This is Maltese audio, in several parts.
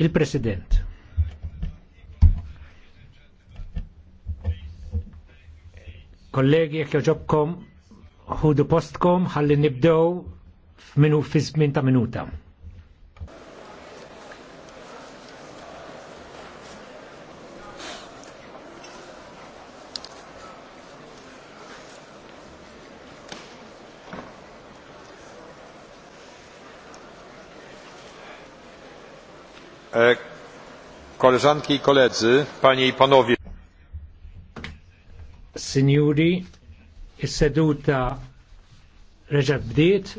Il-President. Kollegi, jek joġobkom, ħudu postkom, ħalli nibdow minu fizz minta minuta. E, koleżanki i koledzy, panie i panowie. Signori, is-seduta reġa' bdiet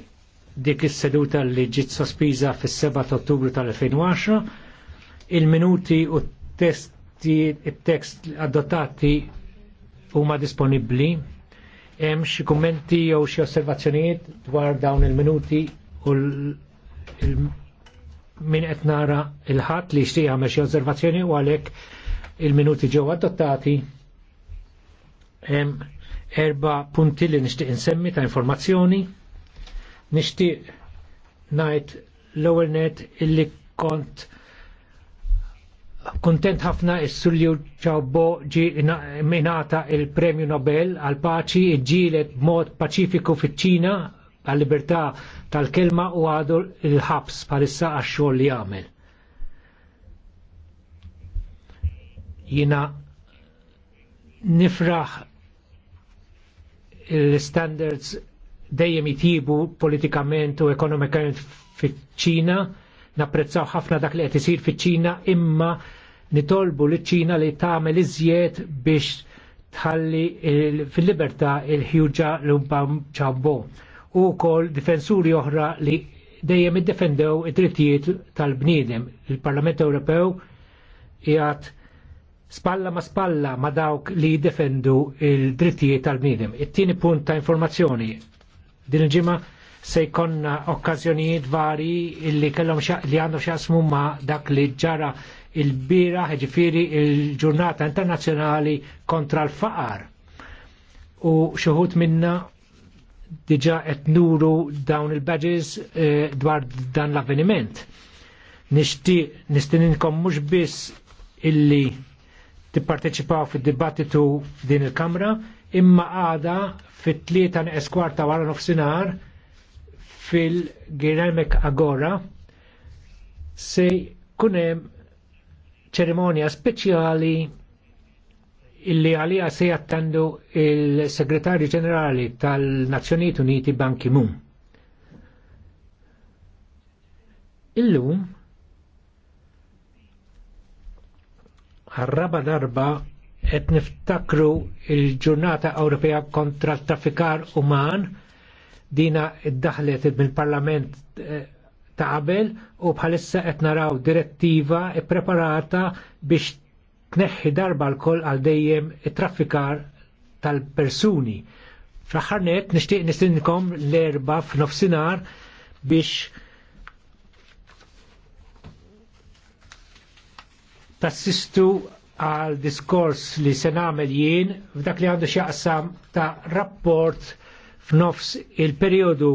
dik is-seduta li ġiet sospiża fis-7 ta' Ottubru tal-2010, il-minuti u testi it-tekst adottati huma disponibbli. Hemm xi kummenti jew xi osservazzjonijiet dwar dawn il-minuti u l min qed nara il-ħadd li jixtieq jagħmel xi osservazzjoni u għalhekk il-minuti ġew adottati hemm erba' punti li nixtieq insemmi ta' informazzjoni. Nixtieq ngħid l-ewwel net illi kont kontent ħafna is-Sulju Ċawbo ġi minata il-Premju Nobel għal paċi ġielet mod paċifiku fiċ-Ċina għal-libertà tal-kelma u għadu il-ħabs parissa għax-xogħol li jagħmel. Jina nifraħ il-standards dejjem jitibu politikament u ekonomikament fiċ-Ċina, napprezzaw ħafna dak li qed isir fiċ-Ċina, imma nitolbu liċ ċina li tagħmel iżjed biex tħalli fil-libertà il-ħjuġa l umba Ċabbo u kol difensuri oħra li dejjem iddefendew id-drittijiet tal-bniedem. Il-Parlament Ewropew jgħat spalla ma spalla ma dawk li jiddefendu il-drittijiet tal-bniedem. It-tieni punt ta' informazzjoni. Din il-ġimgħa se jkonna okkażjonijiet vari li kellhom li għandu x'asmu ma' dak li ġara il-bira ġifiri il-ġurnata internazzjonali kontra l-faqar. U xuħut minna diġa qed nuru dawn il-badges eh, dwar dan l-avveniment. Nixtieq nistininkom mhux biss illi tipparteċipaw fid-dibattitu din il-Kamra, imma għada fit-tlieta eskwarta wara nofsinhar fil-Giremek Agora se kunem ċerimonja speċjali illi għalija se jattendu il-Segretarju Ġenerali tal-Nazzjonijiet Uniti Ban Ki-moon. Illum għarraba darba qed niftakru il-ġurnata Ewropea kontra t-traffikar uman dina id-daħlet mill-Parlament eh, ta' qabel u bħalissa qed naraw direttiva preparata biex tneħħi darba l-koll għal dejjem it traffikar tal-persuni. Fraħarnet nishtiq nistinkom l-erba f'nofsinar biex tassistu għal diskors li se nagħmel jien f'dak li għandu xaqsam ta' rapport f'nofs il-perjodu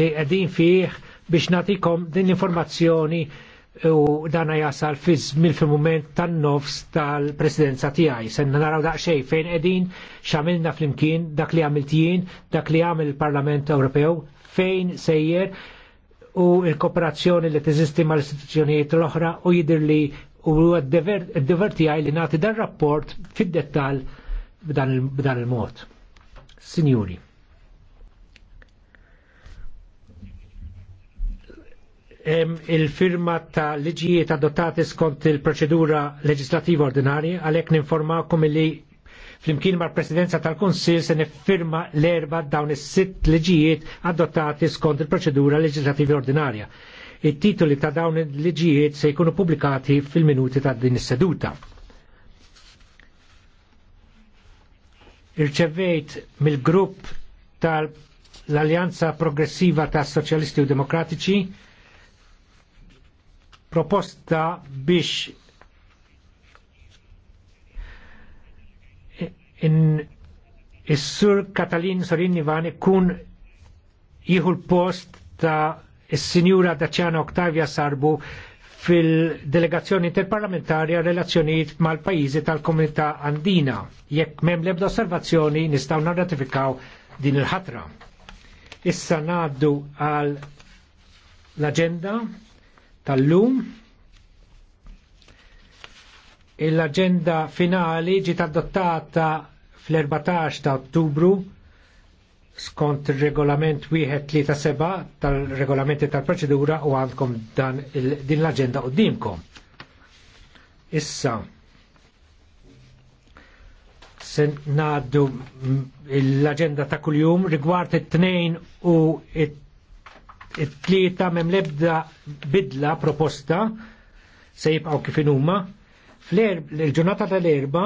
li qegħdin fih biex nagħtikom din l-informazzjoni u dana jasal fiż mill-moment tan-nofs tal-presidenza tiegħi. Sen naraw daqsxejn fejn qegħdin x'għamilna flimkien dak li għamilt jien, dak li għamil il-Parlament Ewropew, fejn sejjer u l-kooperazzjoni li teżisti mal-istituzzjonijiet l-oħra u jidir li u d-dever tijaj li nagħti dan rapport fid-dettall b'dan il-mod. Signori. il-firma ta' liġijiet adottati skont il-proċedura leġislativa ordinarja, għalhekk ninformawkom li flimkien mal presidenza tal kunsill se niffirma l-erba dawn is-sitt liġijiet adottati skont il-proċedura leġislativi ordinarja. It-titoli ta' dawn il-liġijiet se jkunu pubblikati fil-minuti ta' din is-seduta. Irċevejt mill-grupp tal-Alleanza Progressiva ta' Soċjalisti u Demokratiċi proposta biex in is-sur Katalin Sorin Ivan ikun jihu l-post ta' is-sinjura Daċjana Octavia Sarbu fil-delegazzjoni interparlamentarja relazzjonijiet mal-pajjiżi tal-Komunità Andina. Jekk mem l-ebda osservazzjoni nistgħu narratifikaw din il-ħatra. Issa ngħaddu għal l agenda tal-lum. L-agenda finali ġiet adottata fl-14 ta' ottubru skont regolament 137 tal-regolamenti tal-proċedura u għandkom dan din l-agenda qoddimkom. Issa, sen naddu l-agenda ta' kuljum rigward it-tnejn u it it-tlieta mem lebda bidla proposta se jibqaw kif huma. Fl-ġurnata tal-erba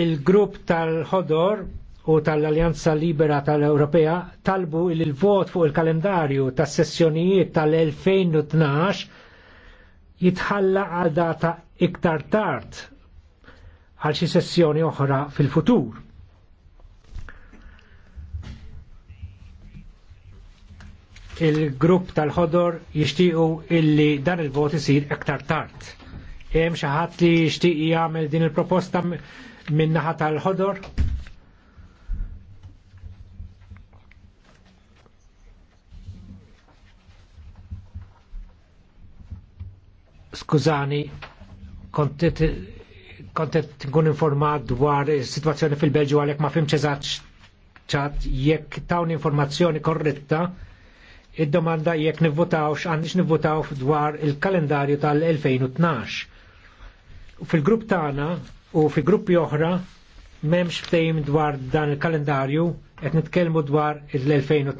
il-grupp tal-ħodor u tal-Alleanza Libera tal-Ewropea talbu il-vot fuq il-kalendarju tas sessjonijiet tal-2012 jitħalla għal data iktar tard għal xi sessjoni oħra fil-futur. il-grupp tal-ħodor jishtiqu illi dan il-vot jisir ektar tard. Jem xaħat li jixtieq jgħamil din il-proposta minnaħat tal-ħodor? Skużani, kontet kontet informat dwar situazzjoni fil-Belġu għalek ma fimx ċat jekk tawn informazzjoni korretta id-domanda jekk nivvotawx għandix nivvotaw dwar il-kalendarju tal-2012. Fil-grupp tagħna u fil gruppi oħra m'hemmx ftehim dwar dan il-kalendarju qed nitkellmu dwar il-2012.